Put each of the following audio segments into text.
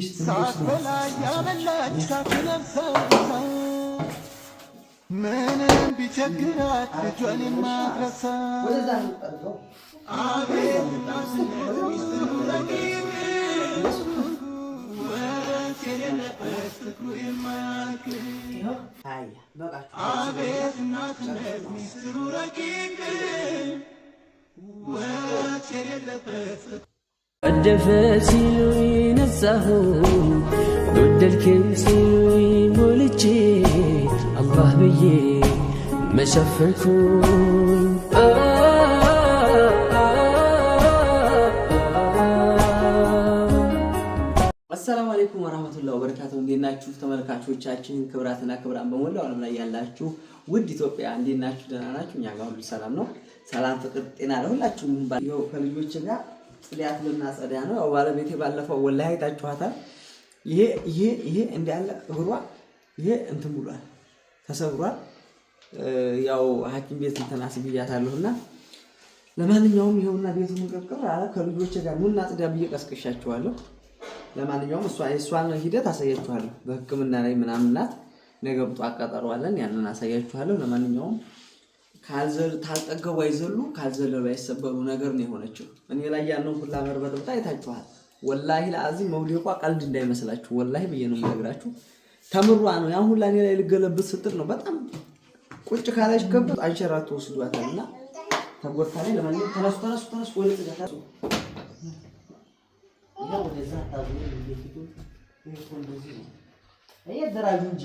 ሰዓት በላይ ያበላች ሳትለብሰው ምንም ቢቸግራት ልጇን የማትረሳ አቤት እናትነት ሚስጥሩ ረቂቅ ወት የሌለበት ረሳሁ ጎደልክም ሲሉኝ ሞልቼ አላህ ብዬ መሸፈንኩኝ አሰላሙ አለይኩም ወራህመቱላሂ ወበረካቱ እንዴት ናችሁ ተመልካቾቻችን? ክብራትና ክብራን በሞላው ዓለም ላይ ያላችሁ ውድ ኢትዮጵያ እንዴት ናችሁ? ደህና ናችሁ? እኛ ጋር ሁሉ ሰላም ነው። ሰላም፣ ፍቅር፣ ጤና ለሁላችሁም። ከልጆች ጋር ጽዳት ልናጸዳ ነው። ያው ባለቤቴ ባለፈው ወላሂ አይታችኋታል። ይሄ ይሄ ይሄ እንዳለ እግሯ ይሄ እንትን ብሏል፣ ተሰብሯል። ያው ሐኪም ቤት እንትን አስብያታለሁና ለማንኛውም ይኸውና ቤቱ ምንቀብቀብ አለ። ከልጆች ጋር ኑና ጽዳ ብዬ ቀስቅሻችኋለሁ። ለማንኛውም እሷን ሂደት አሳያችኋለሁ። በህክምና ላይ ምናምን ናት። ነገ ብጧ አቃጠሯለን። ያንን አሳያችኋለሁ። ለማንኛውም ካልጠገቡ አይዘሉ ካልዘለሉ አይሰበሩ ነገር ነው የሆነችው። እኔ ላይ ያለውን ሁላ መርበጥብጣ አይታችኋል። ወላሂ ለአዚም መውደቋ ቀልድ እንዳይመስላችሁ ወላሂ ብዬ ነው የምነግራችሁ። ተምሯ ነው ያን ሁላ እኔ ላይ ልገለብት ስትል ነው በጣም ቁጭ ካላች ገበት አንሸራት ተወስዷታል እና ተጎድታ ላይ ለማለ ተነሱ ተነሱ ተነሱ ወደ ጽዳታ ወደዛ ታዙ ፊቱ ይህ ደራጁ እንጂ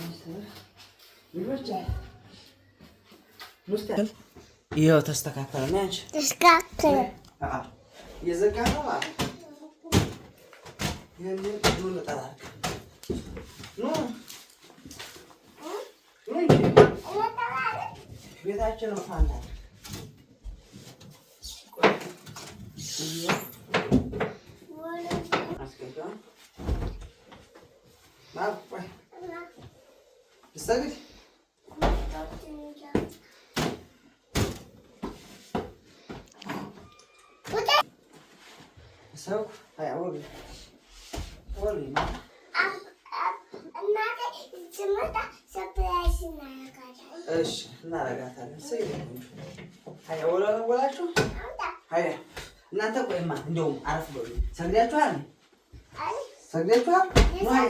ይኸው ተስተካከለ። አንቺ ተስተካከለ። የዘጋ ነው ማለት ቤታችን ሰግድ እናንተ ቆይማ እንደውም አረፍ በሉ። ሰግዳችኋል? ሰግዳችኋል?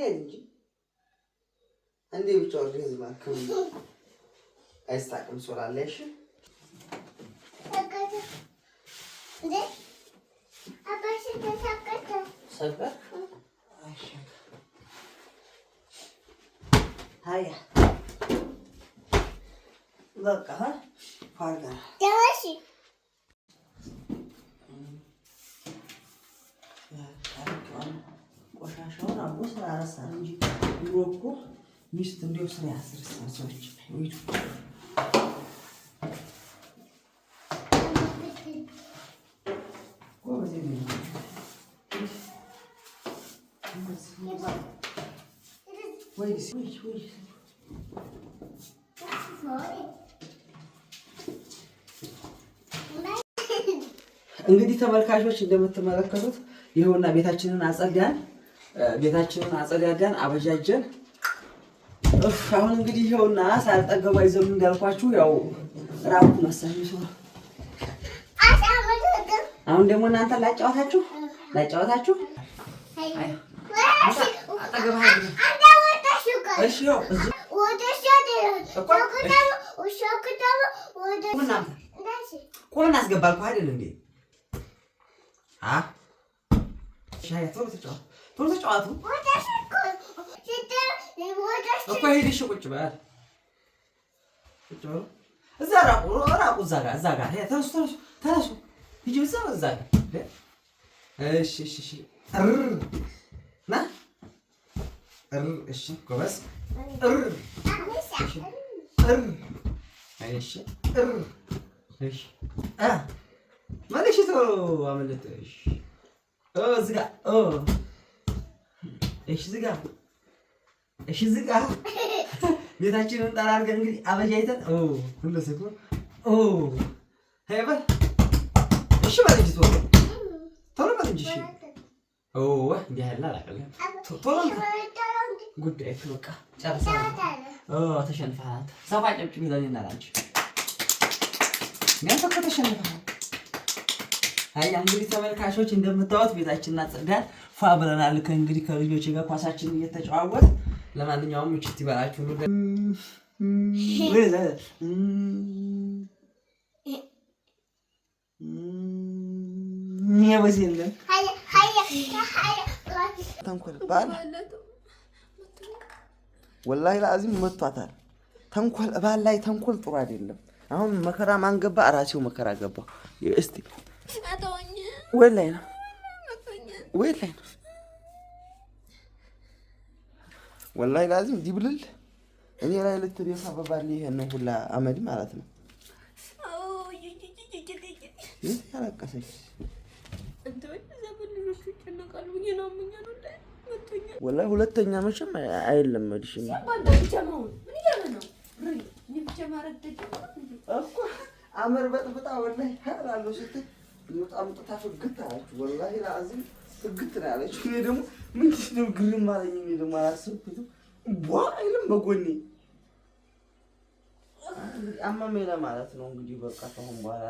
Sedici. እንዲህ ብቻውን ዝማክም አይስታቅም ስላለሽ በቃ ፋርጋ ይረሳል እንጂ እኮ ሚስት ስራ ሰዎች እንግዲህ ተመልካቾች እንደምትመለከቱት ይኸውና ቤታችንን አጸዳን። ቤታችንን አጸዳዳን፣ አበጃጀን። አሁን እንግዲህ ይኸውና ሳልጠገቡ አይዘሉ እንዳልኳችሁ ያው ራቁ መሳኝ አሁን ደግሞ እናንተ ላጫወታችሁ ላጫወታችሁ ቆምን አስገባልኩ አይደል እንዴ? ቶሎ ተጫዋቱ እኮ ሄደሽ ቁጭ በል ቁጭ በሉ። እዛ ራቁ ራቁ። እዛ ጋር እዛ ጋር ተነሱ ተነሱ ተነሱ። ሂጂ እዛ እዛ ጋር እሺ እሺ እሺ። ና እሺ ጎበዝ። እሺ እሺ እ መለሽ ተው አመለጠሽ እዚህ ጋር እሺ ዝጋ። እሺ ዝጋ። ቤታችንን ጣራ አድርገን እንግዲህ አበጃይተን ኦ ሁሉ ሰኮ ኦ ሄበ እሺ በል እንጂ ቶሎ ቶሎ በል እንጂ እሺ ኦ እንዲህ ያለ አላቀለ ቶሎ ጉዳይ በቃ ጨርሰናል። ኦ ተሸንፈሃል። ሰፋ ጨብጭብ ይላል እናላንቺ ያን ተከተሸንፈሃል አይ እንግዲህ ተመልካቾች እንደምታዩት ቤታችንና ጽዳት ፏ ብለናል። ከእንግዲህ ከልጆች ጋር ኳሳችን እየተጨዋወት ለማንኛውም ውጭት ይበላችሁ። ወላሂ ለአዚም መቷታል። ተንኮል ላይ ተንኮል ጥሩ አይደለም። አሁን መከራ ማን ገባ? እራሴው መከራ ገባ። እስቲ ወይ ላይ ነው ወይ ላይ ነው ወላሂ ላዚም እንዲህ እኔ ላይ ልትደፋ በባል ይሄን ሁላ አመድ ማለት ነው። ያለቀሰች ወላሂ ሁለተኛ መቼም አይለመድሽም እኮ አመር በጥብጣ ወላሂ ስትል በጣም ጥታ ፍግት አለች። ወላሂ ለአዚም ፍግት ነው ያለች። እኔ ደግሞ ምንድን ነው ግርም አለኝ። እኔ ደግሞ አላሰብኩትም። ቧ አይልም በጎኔ ለማለት ነው እንግዲህ በቃ ከአሁን በኋላ